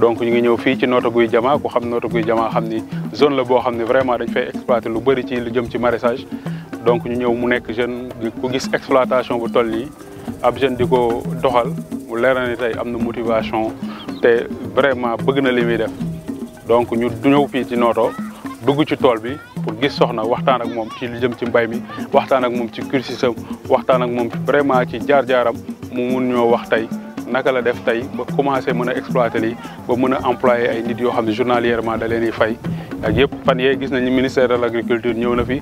donc ñu ngi ñëw fii ci Notto Gouye Diama ku xam Notto Gouye Diama xam ni zone la boo xam ne vraiment dañ fay exploiter lu bëri ci lu jëm ci maraîchage donc ñu ñëw mu nekk jeune ku gis exploitation bu toll nii ab jeune di ko doxal mu leer tey am na motivation te vraiment bëgg na li muy donc ñu ñëw fii ci Notto dugg ci tool bi pour gis soxna waxtaan ak moom ci lu jëm ci mbay mi waxtaan ak moom ci cursusam waxtaan ak moom vraiment ci jaar-jaaram mu mun ñoo wax tey naka la def tey ba commencé mën a exploiter lii ba mën a employé ay nit yoo xam ne journalièrement da leen di fay ak yëpp fan yee gis nañu ministère de l' agriculture ñëw na fi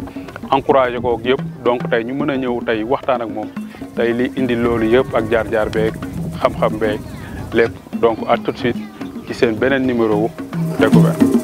encouragé ko ak yëpp donc tey ñu mën a ñëw tey waxtaan ak moom tey li indi loolu yëpp ak jaar-jaar beeg xam-xam beeg lépp donc à tout de suite ci seen beneen numéro wu découverte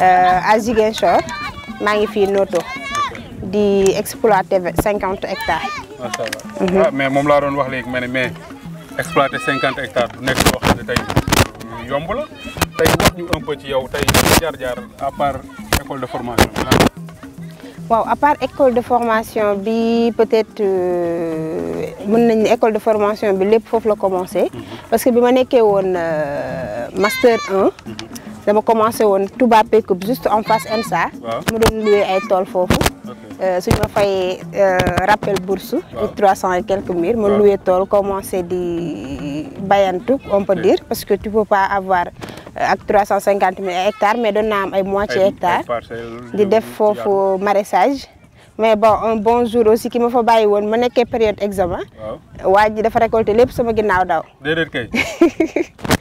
Euh, à magnifique Noto di exploiter 50 hectares. Mhm. Ah, mais je wax exploiter 50 hectares un peu à part école de formation bi à part école de formation peut-être euh, mën école de formation bi commencé. Mhm. parce que je suis euh, master 1 dama commencé tout Touba Pekup juste en face Je mu Je loué ay tool foofu. Euh, suñu ma euh, rappel bourse. de 300 et quelques mille. ma loué Tol, commencé di bayantu on peut dire parce que tu peux pas avoir. Euh, avec 350 hectares mais donne naa am ay moitié hectare di def foofu maraîchage mais bon un bon jour aussi qui ma fa bàyyi On ma une période examen waa ji dafa récolter lépp sama un daw déedéet kay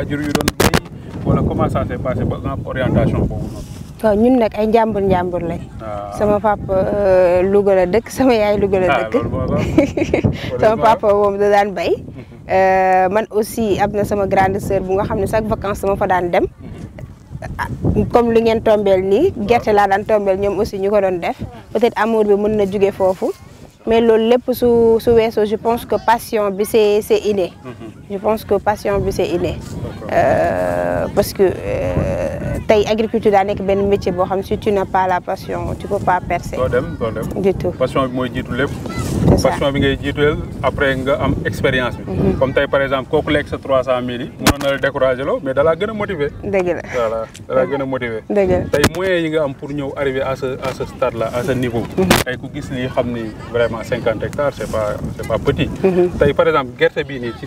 wajur yu don béy wala comment ça s'est passé ba nga kan orientation bo noonu ñun nag ay jambur jambur lañ ah. sama papa eh, lugu la dekk sama yaay lugu la dekk sama papa moom da daan bay eh, man aussi am sama grande sœur bu nga xamni ne chaque vacances sama fa daan dem comme hmm. lu ngeen tombeel ni gerté la daan tombeel ñom aussi ñuko doon def peut-être amour bi mën na jóge foofu mais loolu lepp su su wesso je pense que passion bi c'est c'est inné hmm. Je pense que patient c'est inné. Euh, parce que euh, tay agriculture da nek ben métier bo xam si tu n'as pas la passion tu peux pas percer. doo dem doo dem du tout passion bi moy jiitu lepp passion bi ngay jiital après nga am expérience bi. Mhm. comme tay par exemple kooku lekk sa 300000 yi. mënoon na la découragé loo mais da la gëna motiver motivé. la voilà da la gëna motiver motivé. dëgg la tey moyens yi nga am pour ñeu arriver à ce à ce stade là à ce niveau. ay mhm. ku gis lii xam ni vraiment 50 hectares c'est pas c'est pas petit. Mhm. tay par exemple gerte bi ni ci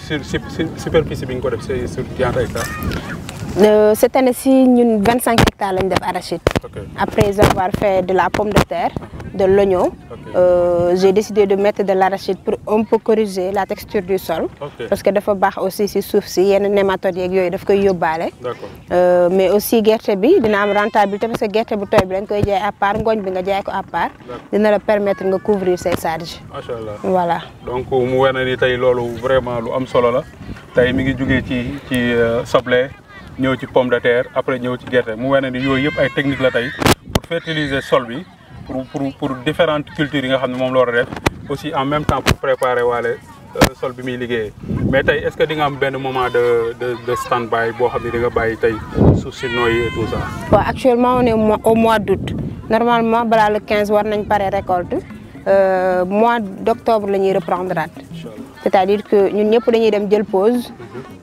superficie bi nga ko def c' sur ñaata hectares. Euh, cette année ci ñun. 25 hectares de Après avoir fait de la pomme de terre, de l'oignon, euh, j'ai décidé de mettre de l'arachide pour un peu corriger la texture du sol. Parce que dafa fois aussi si y si nématodes euh, mais aussi il bi rentabilité parce que les bu à part permettre de couvrir ses charges. voilà. donc vraiment lu am ñëw ci pomme de terre après nous ci gerte mu wane ni yooyu yëpp technique pour fertiliser sol bi pour pour différentes cultures yi nga aussi en même temps pour préparer le euh, sol bi mais est-ce que di nga am benn moment de stand by pour xam ne di nga bàyyi et tout ça. actuellement on est au mois d'août normalement le 15 war nañ pare récolte euh, mois d'octobre nous ñuy reprendre c'est-à-dire que ñun ñëpp dañuy dem jël pause. Mhm.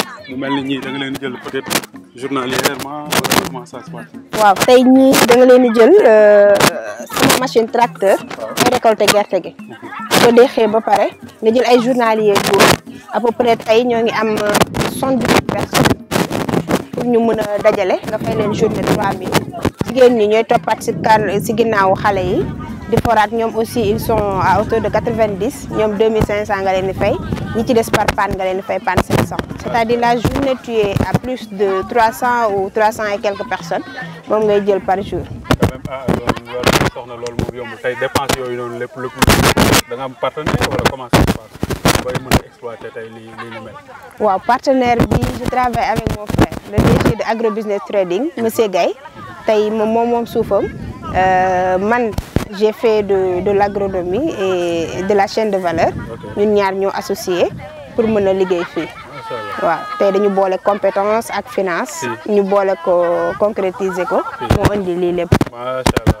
mu mel ni ñii da nga leen di jël peut-être journalièrement wala waaw tey ñii da nga leen di jël euh, sama machine tracteur. waaw récolter gerte gi. soo deexee ba pare nga jël ay journalier góor à peu près tey ñoo ngi am soixante-dix pour ñu mëna dajalé nga fay leen journée 3000 jigen ñi ñoy topat ci kan ci ginnaw xalé yi di forat ñom aussi ils sont à hauteur de 90 ñom 2500 nga leen fay ñi ci dess par pan nga leen fay pan 500 c'est-à-dire la journée tu es à plus de 300 ou 300 et quelques personnes mom ngay jël par jour ah, soxna loolu moom yomb tey dépense yooyu noonu lépp lépp da nga am partenaire wala comment ça se passe bay exploiter partenaire bi je travaille avec mon frère le gérant de business trading monsieur Gaye mon moom moom Euh, man j'ai fait de de l'agronomie et de la chaîne de valeur. ñun ñaar ñoo associé pour mon a liggéey fii. waaw tey dañu boole compétence ak finance. ñu boole ko concrétiser ko. moo indi lii allah.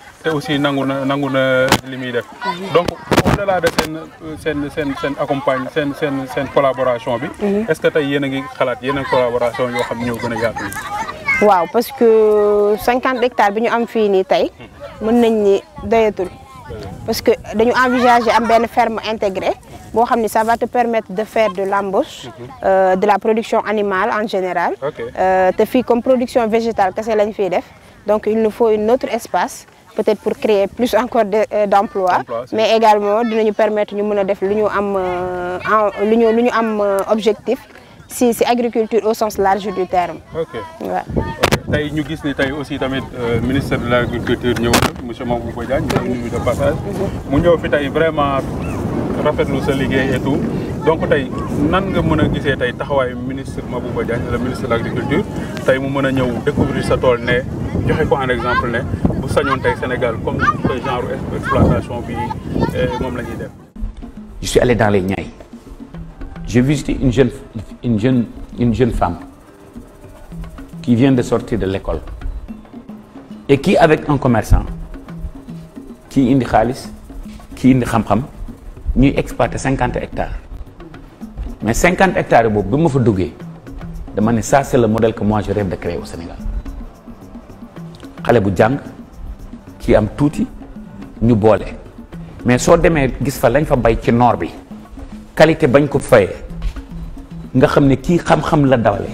C'est aussi nanguna nanguna limi def. donc au delà de sen sen accompagne sen collaboration bi. Mhm. est ce que vous yéen une ngi collaboration yo xam ñeu waaw parce que 50 hectares bi ñu am fii nii tey mën nañ ni dayatul. parce que dañu envisager am ben ferme intégrée bo ça va te permettre de faire de l'embauche mhm. euh, de la production animale en général euh, te fi comme production végétale kese lañ fiy def donc il nous faut une autre espace peut-être pour créer plus encore euh, d'emplois mais également de nous permettre de nous ce que nous avons am euh, lu euh, objectif si agriculture au sens large du terme. ok waaw. tey ñu gis ni aussi tamit ministre de l'Agriculture, ñëw monsieur Mabouba Diagne ñu ngi de passage. Mhm. mu ñëw fi vraiment rafetlu ce et tout donc tay, nan nga mëna gisé tay tey ministre Mabouba Diagne le ministre de l'agriculture, tay mu mëna ñëw découvrir sa tol né, joxé ko en exemple ne bu sañon tay Sénégal comme ce genre d'exploitation, bi euh mom lañuy def. je suis allé dans les Niayes j'ai visité une jeune une jeune une jeune femme qui vient de sortir de l'école et qui avec un commerçant qui indi xaalis qui indi xam-xam ñuy exploiter 50 hectares. mais 50 hectares boobu bi ma fa duggee dama ne ça c'est le modèle que moi je rêve de créer au Sénégal xale bu jàng kii am tuuti ñu boole mais soo demee gis fa lañ fa bay ci nord bi qualité bañ ko fayee nga xam ne kii xam-xam la dawale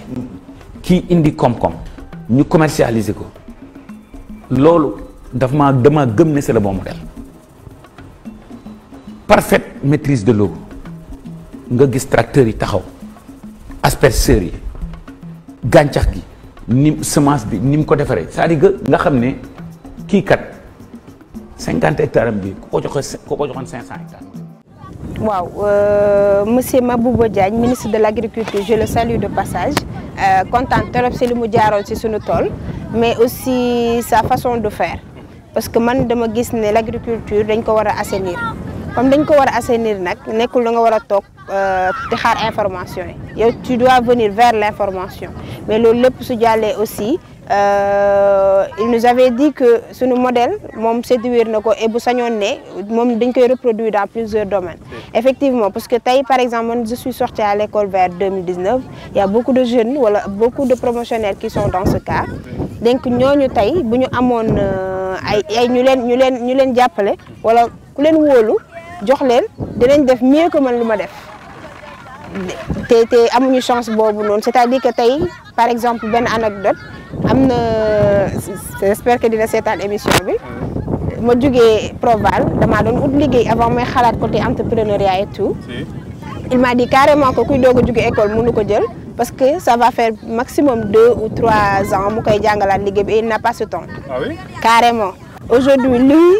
kii indi koom-koom ñu commercialiser ko loolu daf ma dama gëm ne c'est le bon modèle parfaite maîtrise de l'eau nga gis tracteur yi taxaw asperseur yi gàncax gi ni semence bi nim ko defare c'est-à-dire que nga xam ne kii kat 50 hectare am bi ku ko joxe ko ko joxoon 500 hectare waaw euh, monsieur Mabouba Diagne ministre de l' agriculture je le salue de passage kontaan euh, trop si li mu jaaroon si suñu tool mais aussi sa façon de faire parce que man dama gis ne l' agriculture dañ ko war a assainir. comme on ko war a assainir nag tu dois venir vers l'information. mais le plus su aussi euh, il nous avait dit que ce modèle moom séduire na ko et bu reproduire dans plusieurs domaines effectivement parce que par exemple je suis sortie à l'école vers 2019 il y a beaucoup de jeunes beaucoup de promotionnaires qui sont dans ce cas donc nous, tey bu nous amoon euh, ay ay ñu leen nous leen ñu leen jàppale wala ku jox de dinañ def mieux que man lu def te te amuñu chance boobu noonu c'est-à-dire que t'as, par exemple ben anecdote j'espère que dina cette émission bi ma jugee Proval damaa doon ut liggéey avant may xalaat côté entrepreneuriat et tout il m'a dit carrément que kuy doog a école mënu ko jël parce que ça va faire maximum deux ou trois ans mu koy jàngalaat liggéey et il n'a pas ce temps. ah oui carrément aujourd'hui lui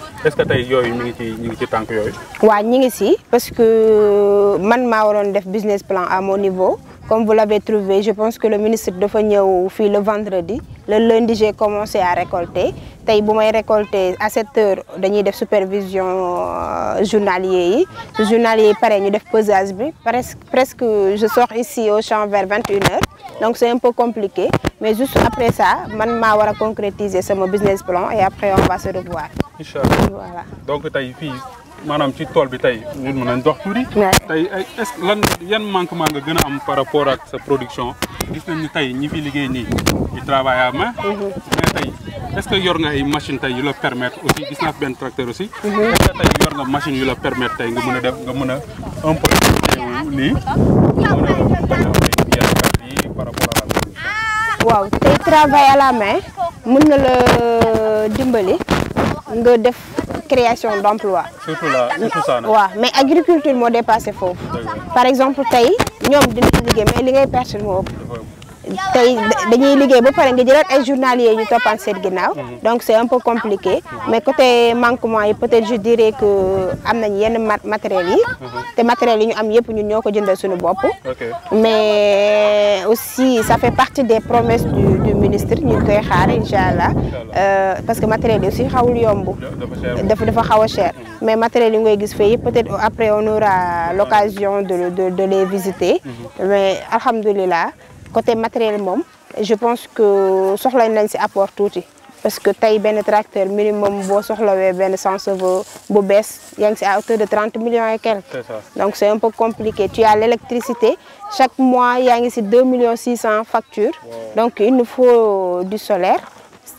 est-ce que tu as ñu ngi ci parce que euh, man suis business plan à mon niveau comme vous l'avez trouvé je pense que le ministre de ñëw fait le vendredi le lundi j'ai commencé à récolter Si bu may récolter à 7 heures dañuy def supervision euh, journalier Le journalier pareil, pare ñu def pesage presque je sors ici au champ vers 21h. donc c'est un peu compliqué mais juste après ça je vais concrétiser mon business plan et après on va se revoir. voilà donc tu fii maanaam ci tu bi tey le mën dox est-ce que lan yan par rapport à sa production gis nañ ni tay ñi fi liggéey nii di travail à main. Mhm. mais tey est ce que yor nga ay machine tay yu la permettre aussi gis naa benn tracteur aussi. Mhm. est ce que tey yor nga machine yu la permettre tay nga mën a def nga mën a un peu lii nga mën a bañ a am ay pierres yi par rapport à la waaw tey travail à la main mën na la euh, dimbali nga def. création d'emploi. Surtout là, surtout ça. Ouais, mais agriculture m'a dépassé faux. Par exemple, tay, ñom dinañ liggéey mais li ngay perdre mo tey dañuy liggéey ba pare nga jëlaat ay journaliers ñu toppal seen ginnaaw mhm. donc c'est un peu compliqué mais côté manquement yi peut-être je dirais que am nañ yenn matériels yi mhm. te matériels yi ñu am yëpp ñun ñoo ko jëndal suñu mais aussi ça fait partie des promesses du du ministre ñu ngi koy xaar incha euh, parce que matériels aussi xawul yomb dafa dafa xaw cher mhm. mais matériels yi ngay gis fee peut-être après on aura l'occasion de de de les visiter mais alhamdulilah côté matériel je pense que soxla nañ un apport touti parce que tay ben tracteur minimum est soxlawee benn senseur à hauteur de 30 millions et donc c'est un peu compliqué tu as l'électricité, chaque mois il y a 2 millions 600 factures. donc il nous faut du solaire.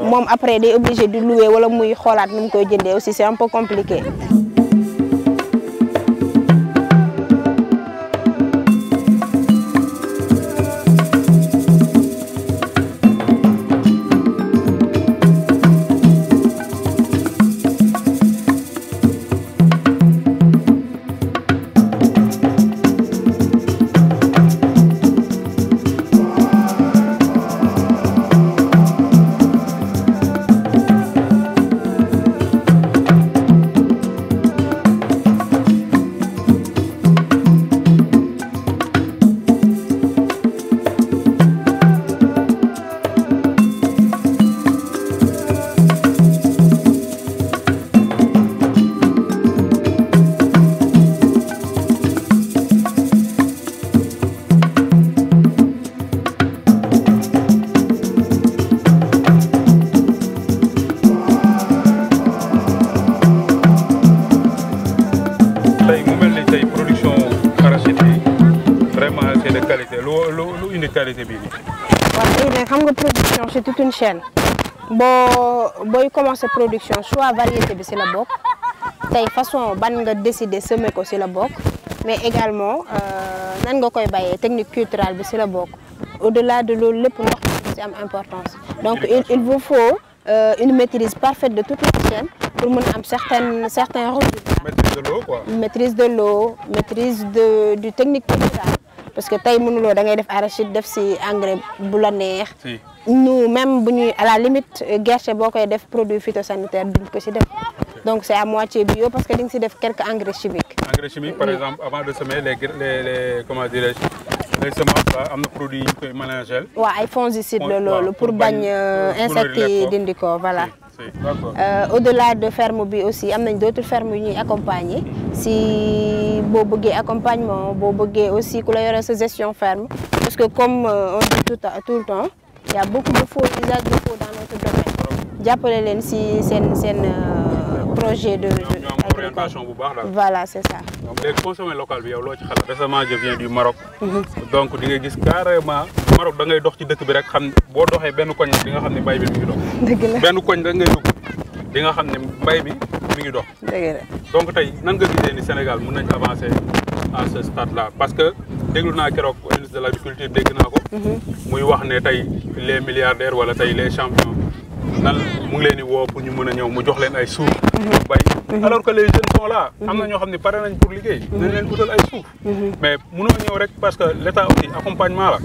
moom après day obligé de louer wala muy xoolaat nu mu koy jëndee aussi c'est un peu compliqué. une chaîne boo booy commencer production soit variété de la boque. tey façon ban de décider semer ko la boque. mais également euh, nan nga koy technique culturelle bi la boque. au-delà de l'eau le ndox important. importance donc il il vous faut euh, une maîtrise parfaite de toute les chaîne pour avoir certains résultats maîtrise de l'eau quoi maîtrise de l'eau maîtrise de du technique culturelle parce que tey mënuloo da ngay def arachide def des engrais bu la neex. nous même à la limite gerte boo des def produit phytosanitaire duñ ko def. donc c'est à moitié bio parce que ding ci def quelques engrais chimiques. engrais chimiques par exemple avant de semer les les les comment dirais je les semences bah, am na produit yu ñu koy mélangé. waaw ay fongicides le pour bagn euh, euh, insectes dindiko voilà. Euh, au-delà de ferme bi aussi y a d'autres fermes qui accompagnent. accompagner si boo un accompagnement vous aussi ku la sa gestion ferme parce que comme euh, on dit tout tout le temps il y a beaucoup de faux de faux dans notre domaine jàppale leen si c'est un euh, projet de voilà c'est ça. Les léegi consommer local bi yow loo récemment je viens du Maroc. donc di nga gis carrément. Maroc da ngay dox ci dëkk bi rek xam boo doxee benn koñ di nga xam ne mbay bi mi ngi dox. dëgg la benn koñ da ngay dugg di nga xam ne mbay bi mi ngi dox. dëgg la donc tey nan nga gisee ni Sénégal mën nañ avancer à ce stade là parce que déglu naa keroog ministre de l'agriculture dégg naa ko. muy les milliardaires wala les champions. nan mu ngi leen di woo ñu mën a ñëw mu jox leen ay suuf bay mhm. alors que les jeunes sont mhm. am na ñoo xam ne pare nañ pour liggéey dañ mhm. leen utal ay suuf mais munoo ñëw rek parce que l' état aussi accompagnement la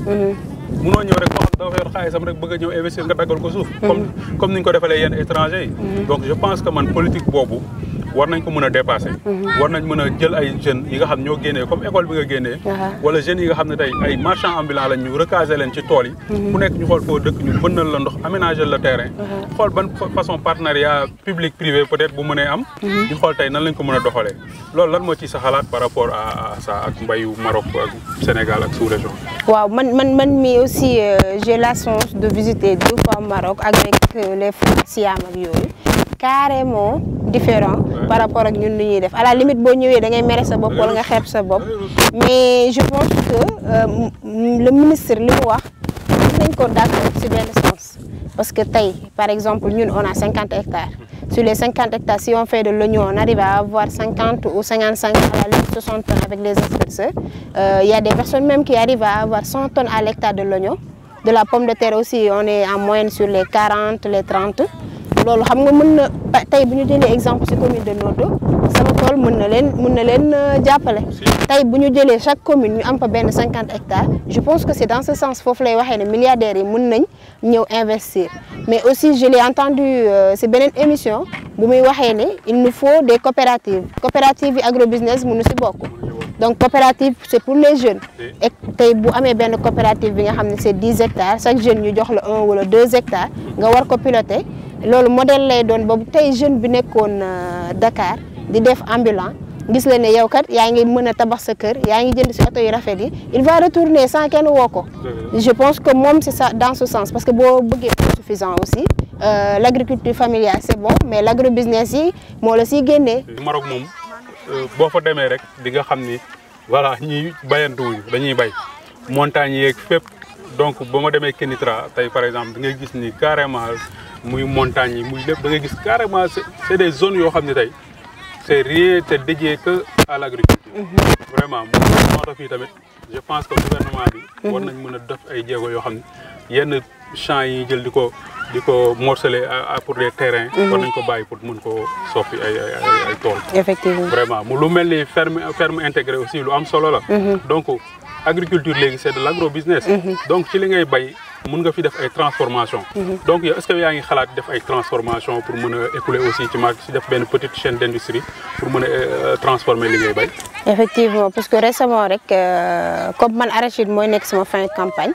munoo ñëw rek wax dafa yor xaalisam rek bëgg ñëw investir nga daggal ko suuf comme comme ko defalee yenn étranger yi donc je pense que man politique boobu war nañ ko mën a dépasser mhm. war nañ mën a jël ay jeunes yi nga xam ñoo génnee comme école bi nga génnee wala jeunes yi nga xam ne tey ay marchands ambulant lañ ñu recaser leen ci tool yi mhm. ku nekk ñu xool foo dëkk ñu bënnal la ndox aménager le terrain xool ban façon partenariat public privé peut-être bu mënee am mhm. ñu xool tey nan lañ ko mën a doxalee loolu lan moo ci sa xalaat par rapport à à ça ak mbayu Maroc ak Sénégal ak sous-région waaw man man man mii aussi euh, j'ai la chance de visiter deux fois Maroc avec euh, les Siam ak yooyu carrément différent par rapport à ce que nous À la limite, si Mais je pense que euh, le ministre, le roi, nous d'accord sur le sens. Parce que par exemple, nous, on a 50 hectares. Sur les 50 hectares, si on fait de l'oignon, on arrive à avoir 50 ou 55 à 60 tonnes avec les espèces. Il euh, y a des personnes même qui arrivent à avoir 100 tonnes à l'hectare de l'oignon. De la pomme de terre aussi, on est en moyenne sur les 40, les 30 loolu xam nga mën na tey exemple si commune de Nodo, sama tool mën na leen mën na leen euh, jàppale tey chaque commune ñu am hectares je pense que c'est dans ce sens foofu lay waxee ne milliardaires yi mën nañ ñëw investir mais aussi je l'ai entendu si euh, beneen émission bu muy il nous faut des coopératives coopératives agro agrobusiness mënu si bokk donc coopérative c'est pour les jeunes et si vous avez une coopérative bi nga c'est hectares chaque jeune ñu jox 1 ou 2 hectares vous war ko piloter Le modèle lay doon boobu tey jeune bi à euh, Dakar di def ambulant gis la ne yow kat yaa ngi mën tabax sa kër il va retourner sans kenn woo ko je pense que c'est ça dans ce sens parce que vous bëggee suffisant aussi euh, l'agriculture familiale c'est bon mais l'agrobusiness yi aussi la boo fa demee rek di nga xamni ni ñi bayantu bayantuwuñu dañuy bay montagne yeeg fep donc ba ma demee Kenitra tay par exemple da ngay gis ni carrément muy montagne muy lepp da ngay gis carrément c'est des zones yo xamni tay c'est rien c'est dédié que à l'agriculture vraiment mo tax tamit je pense que gouvernement bi war nañ mëna def ay jéego yo xamni yenn champs yi jël diko diko ko morceler pour les terrains. Mhm. war nañ ko bàyyi pour mën ko soppi ay ay ay tool. effectivement vraiment mu lu melni ferme ferme intégrée aussi lu am solo la. Mhm. donc agriculture légui c'est de l'agro business. Mhm. donc ci li ngay bay. mën nga fi def ay transformation donc est-ce que yaa ngi xalaat def ay transformation pour mën a écouler aussi ci marché si def benn petite chaîne d'industrie pour mën a euh, transformer li ngay bay effectivement parce que récemment rek euh, comme man arachide mooy nekk sama fin campagne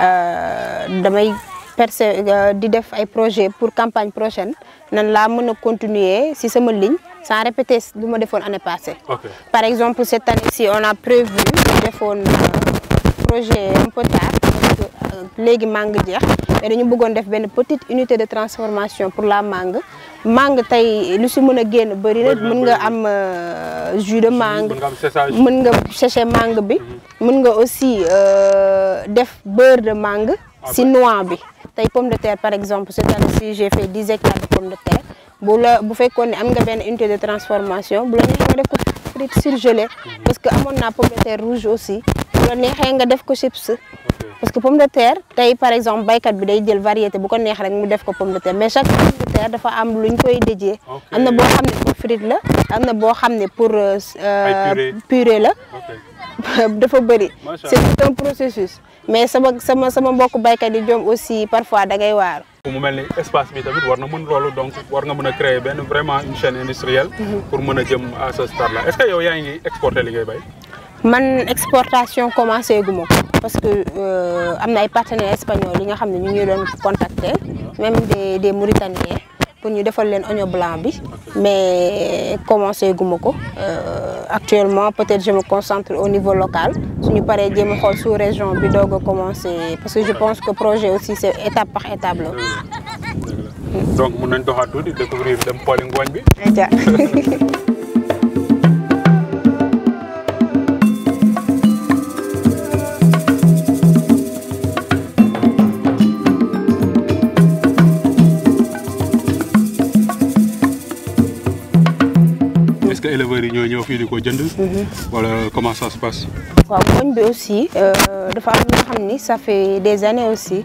euh, damay perce euh, di def ay projet pour campagne prochaine nan la meuna continuer si sama ligne sans répéter lu ma defoon année passée. par exemple cette année-ci on a prévu defoon euh, projet un peu tard euh, légui mangue jeex mais dañu bëggone def ben petite unité de transformation pour la mangue mangue tay lu ci mën a génn bëri na mën nga am jus de mangue mën nga séché mangue bi mhm. mën nga aussi def beurre de mangue si noix bi tey pomme de terre par exemple cette année-ci j'ai fait 10 hectares de pommes de terre bu la bu fekkoon am nga unité de transformation bu la neexee nga def ko mhm. parce que amoon des pommes de terre rouge aussi vous la neexee nga def ko chips parce que pommes de terre tey par exemple baykat bi day jël variété bu ko neex rek mu def ko pomme de terre mais chaque pomme de terre dafa am luñ koy déjee am na boo xam pour frite la am na a xam ne pour euh, purée la dafa bëri c'est tout un processus mais sama sama sama mbokk baykat yi jom aussi parfois da ngay waar. mu mel ni espace bi tamit war na mën loolu donc war nga mën a créer benn vraiment une chaîne industrielle. Mhm. pour mën a jëm à ce stade là yaa ngi exporter li ngay bay. man exportation commencé gu ma ko parce que euh, am na ay partenaires espagnols yi nga xam ne ñu ngi doon contacter même des des Mauritaniens pour ñu defal leen oignon blanc bi mais commencé gu ma ko euh, actuellement peut-être je me concentre au niveau local. suñu paree jéem a sous région bi donc commencer, parce que je pense que projet aussi c'est étape par étape la. donc mun nañ tout de découvrir dem xooli ngooñ bi. éleveurs ñoo ñoo fi fii di ko jënd. Mhm. wala comment ça se passe. waaw koñ bi aussi euh dafa am ñoo xamni ça fait des années aussi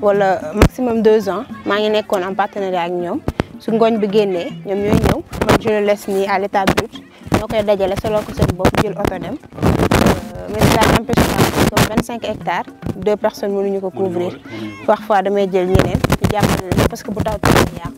wala maximum 2 ans ma ngi nekkoon en partenariat ak ñom su ngooñ bi génné ñom ñooy ñew man je le laisse ni à l'état brut ñoo koy dajale solo ko seen bopp jël oto dem euh, mais ça n'empêche pas comme vingt hectares deux personnes ñu ko couvrir parfois damay jël ñeneen ñu jàppale parce que bu taw tamit yàqu.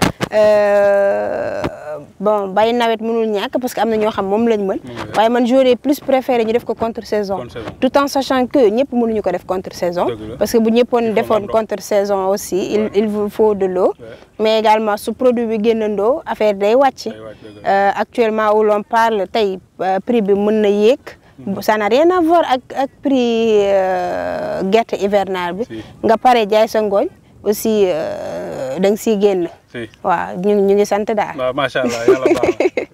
Euh, bon bay nawet mënul ñak parce que amna ño xam mom lañ mën waye man j'aurais plus préféré ñu def ko contre saison tout en sachant que mënu ñu ko def contre saison parce que bu ñeppone defone contre saison aussi il il faut de l'eau mais également su produit bi génnandoo affaire day euh actuellement où l'on parle tay euh, prix bi mëna mm-hmm. ça n'a rien à voir avec le prix euh, gerte hivernal bi nga paré jaay sa aussi euh, da nga siy génn. waaw ñu ñu ngi sant daal.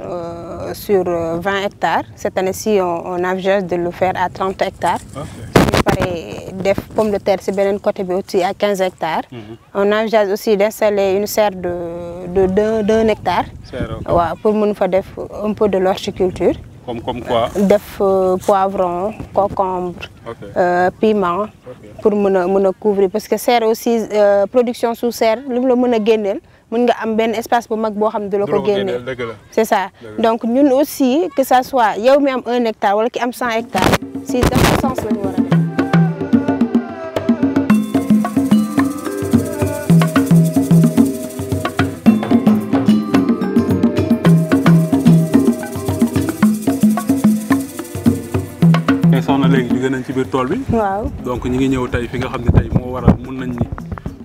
Euh, sur 20 euh, hectares. Cette année-ci, on, on envisage de le faire à 30 hectares. Okay. suñu paree def pomme de terre si côté à 15 hectares. Mm -hmm. on envisage aussi d'installer une serre de de de hectare. pour mun def un peu de l'horticulture. Comme, comme quoi def euh, poivron concombre okay. euh, piment pour mën couvrir parce que serre aussi euh, production sous serre li le la mën nga am ben espace bu mag bo xam ne du la ko génne c'est ça donc ñun aussi que ça soit yow mi am 1 hectare wala ki am 100 hectare si dafa sens la ñu war a def soxna léegi ci biir tool bi waaw donc ñi ngi ñëw tey fi nga xam ne tey waral mun nañ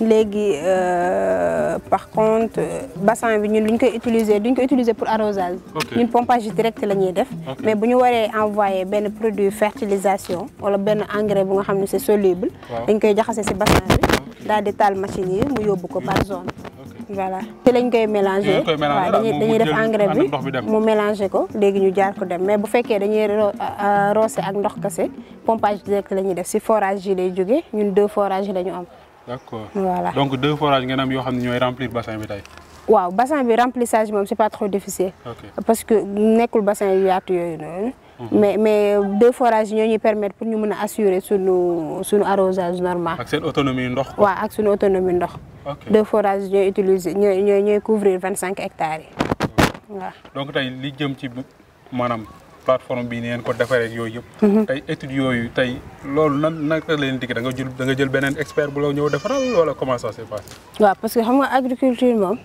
léegi euh, par contre euh, bassin bi ñun luñ koy utiliser duñ koy utiliser pour arrosage. ñun pompage direct la def. mais buñu waré envoyer ben produit fertilisation wala ben engrais bu nga xamné c'est soluble. dañ koy jaxassé ci bassin bi daal di tal machine yi mu yobbu ko par hmm. zone. voilà té lañ koy mélanger dañuy dañuy def engrais bi mu mélanger ko léegi ñu jaar ko dem mais bu féké dañuy euh, roose ak ndox kese pompage direct la def ci forage yi lay jóge ñun deux forages la am d'accord donc deux forages vous avez yoo remplir remplir bassin de le bassin bi remplissage ce n'est pas trop difficile. parce que le bassin est yaatu mhm. mais mais deux forages permettent permettent permettre pour nous assurer sur arrosage normal. ak autonomie Oui, waaw ak autonomie deux forages nous utiliser nous nous, couvrir 25 hectares donc tu li jëm ci Madame. plateforme bi ni ngeen ko defaree yooyu yëpp. Mhm. tey études yooyu tey loolu nan naka leen digg da jël beneen expert bu la ñëw defaral wala comment ça s'est parce que xam agriculture moom.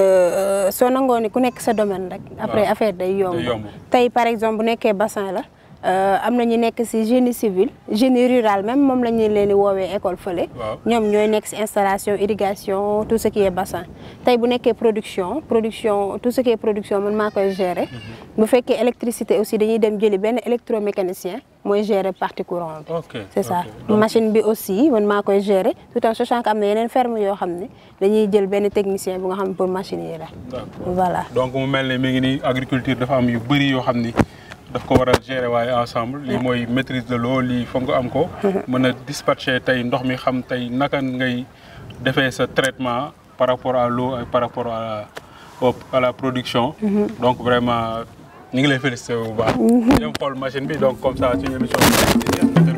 Euh, soo nangoo ku nekk sa domaine rek. après affaire day yomb tey par exemple bu nekkee bassin la. Euh, am na ñu nekk génie civil génie rural même mom lañu ñu leen école feulé. Ñom ñoy nekk installation irrigation tout ce qui est bassin Tay bu nekké production production tout ce qui est production man maa gérer. Mhm. bu fekkee électricité aussi dañuy dem jëli benn électromécanicien moy gérer partie courant c'est ça machine bi aussi man maa gérer tout en sachant que am ferme yo xamné dañuy jël benn technicien bu nga xam pour machine yi la. voilà donc mu melni mi ngi nii agriculture dafa am yu bëri yo xamné gérer ensemble li maîtrise de l'eau li am dispatcher traitement par rapport à l'eau et par rapport à la production donc vraiment ni ngi lay machine donc comme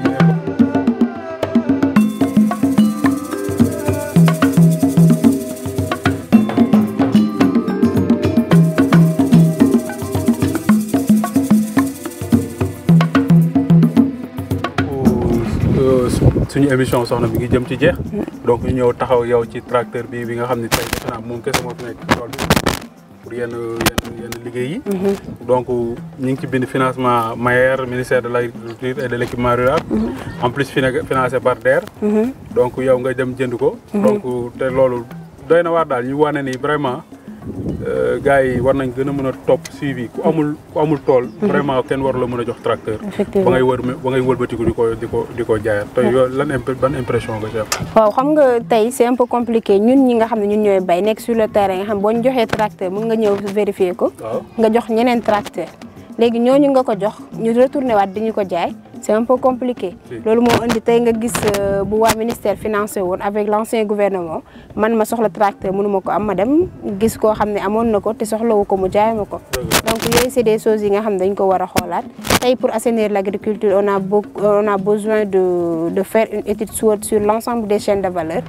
su suñu émission soxna mi ngi jëm ci jeex donc ñu ñëw taxaw yow ci tracteur bi bi nga xam ne tey defe naa moom kese moo nekk pour yenn yenn liggéey yi mhm. donc ñu ngi ci bind financement Mayer ministère de la agriculture et de l' équipement rural mhm. en plus financé par DER mhm. donc yow nga dem jënd ko donc te loolu doy na waar daal ñu wane ni vraiment Euh, gars yi war nañ gën a mën a topp suivi ku amul tool. Mhm. vraiment kenn war la mën a jox tracteur. ba ngay wër ba ngay wëlbatiku di ko di ko di ko jaayaat te yow lan nga ci am. waaw xam nga tey c'est ñi nga xam ne ñun ñooy bay nekk sur le terrain nga xam boo ñu joxee tracteur mën nga ñëw vérifier ko. nga jox ñeneen tracteur léegi ñu nga ko jox ñu retourné waat di ko jaay. c'est un peu compliqué loolu moo indi le euh, ministère financier avec l'ancien gouvernement man ma soxla tracteur je ma ko am ma dem gis koo je ne amoon na ko donc c'est des choses yi nga xam dañ ko pour assainir l'agriculture on a on a besoin de de faire une étude sur sur l'ensemble des chaînes de valeur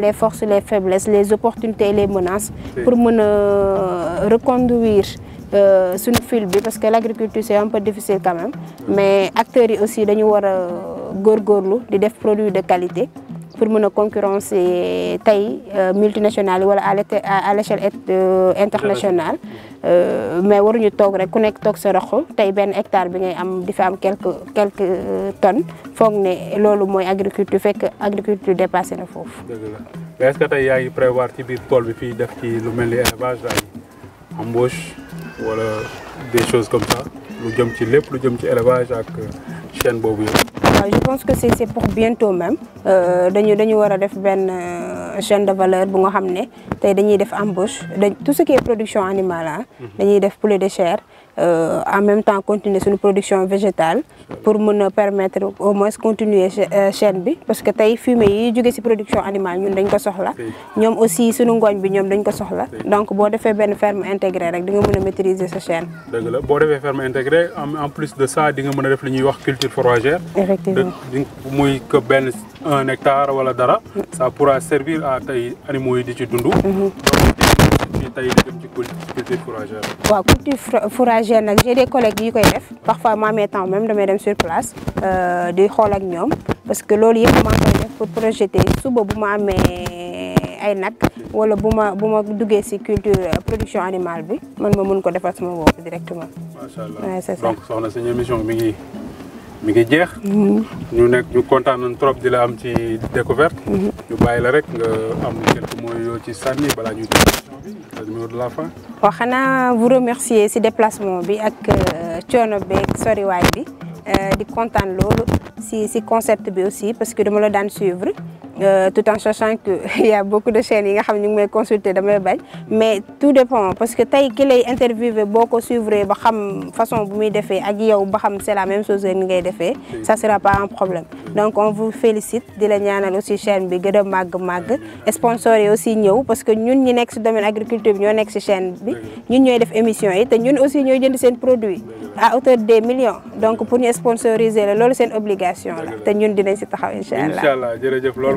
les forces les faiblesses les opportunités et les menaces pour pouvoir euh, reconduire euh, suñu fil parce que l'agriculture c'est un peu difficile quand même mais acteurs aussi dañu wara gorgorlu di def produits de qualité pour mën concurrence concurrencer tey euh, multinationale ou à l'échelle euh, internationale mais waruñu tok rek ku nek tok sa rox tay ben hectare bi ngay am di fa am quelques quelques tonnes foog ne loolu mooy agriculture fekk agriculture dépassé na foofu. mais est ce que tay yaa prévoir ci biir tool bi fi def ci lu élevage embauche voilà des choses comme ça lu jëm ci lépp lu jëm ci élevage ak chaîne de je pense que c'est pour bientôt même Nous euh, dañu faire une euh, chaîne de valeur bu nga xam Nous dañuy def embauche tout ce qui est production animale nous hein, mhm. dañuy des poulet de chair. Euh, en même temps continuer son production végétale pour nous permettre au moins continuer euh, chaîne parce que fumées qui yi dans ci production animale nous dañ ko aussi suñu ngooñ bi Donc, dañ ko soxla donc une ferme intégrée rek di maîtriser cette chaîne si la avez une ferme intégrée en plus de ça vous nga mën une culture foragère effectivement si que ben un hectare wala dara mm. ça pourra servir à tey animaux yi ci tey def ci culture fourragère. waaw culture fourragère nag j'ai des collègues yu koy def parfois ma amee temps même damay dem sur place euh, di xool ak ñoom parce que loolu yëpp maa koy def pour projeter suba bu ma amee ay nag wala bu ma bu ma duggee culture euh, production animale bi man ma mun ko defal sama bopp directement. macha allah donc soxna suñu émission mi ngi mi ngi jeex. Mhm. ñu nekk ñu kontaan nañ trop di la am ci découverte. Mhm. ñu bàyyi la rek nga am quelques mots yoo ci sànni balaa ñuy déglu numéro de la fin. waaw xanaa vous remercier si déplacement bi ak euh, coono beeg soriwaay bi euh, di kontaan loolu si si concept bi aussi parce que dama la daan suivre. Euh, tout en sachant qu'il y a beaucoup de chaînes qui mes consulter mais tout dépend parce que tay vous avez interviewé beaucoup suivre ba façon dont vous défé ak yow c'est la même chose que fait, défé ça sera pas un problème donc on vous félicite di ñaanal aussi chaîne bi gëna mag mag sponsor sponsoriser aussi parce que nous, ñi dans le domaine agriculture nous sommes chaîne nous ñun ñoy def émission nous té aussi ñoy produits, produit à hauteur des millions donc pour nous sponsoriser c'est une obligation là nous ñun dinañ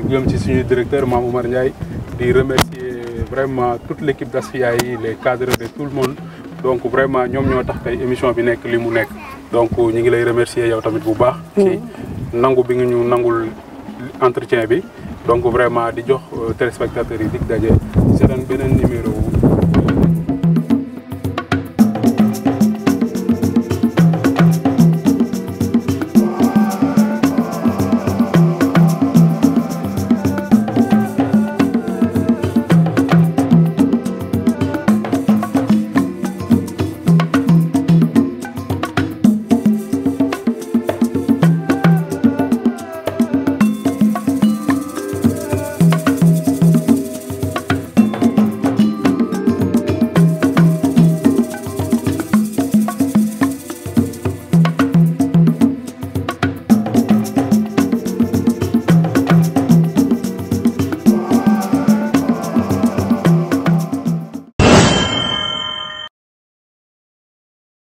ñu ci directeur Mamou Oumar Ndiaye di remercier vraiment toute l'équipe équipe yi les cadres de tout le monde donc vraiment nous ñoo tax tey émission bi nekk li mu donc nous ngi lay remercier yow tamit bu baax ci mm. nangu bi ñu nangul entretien bi donc vraiment di jox euh, téléspectateurs yi dig c'est un beneen numéro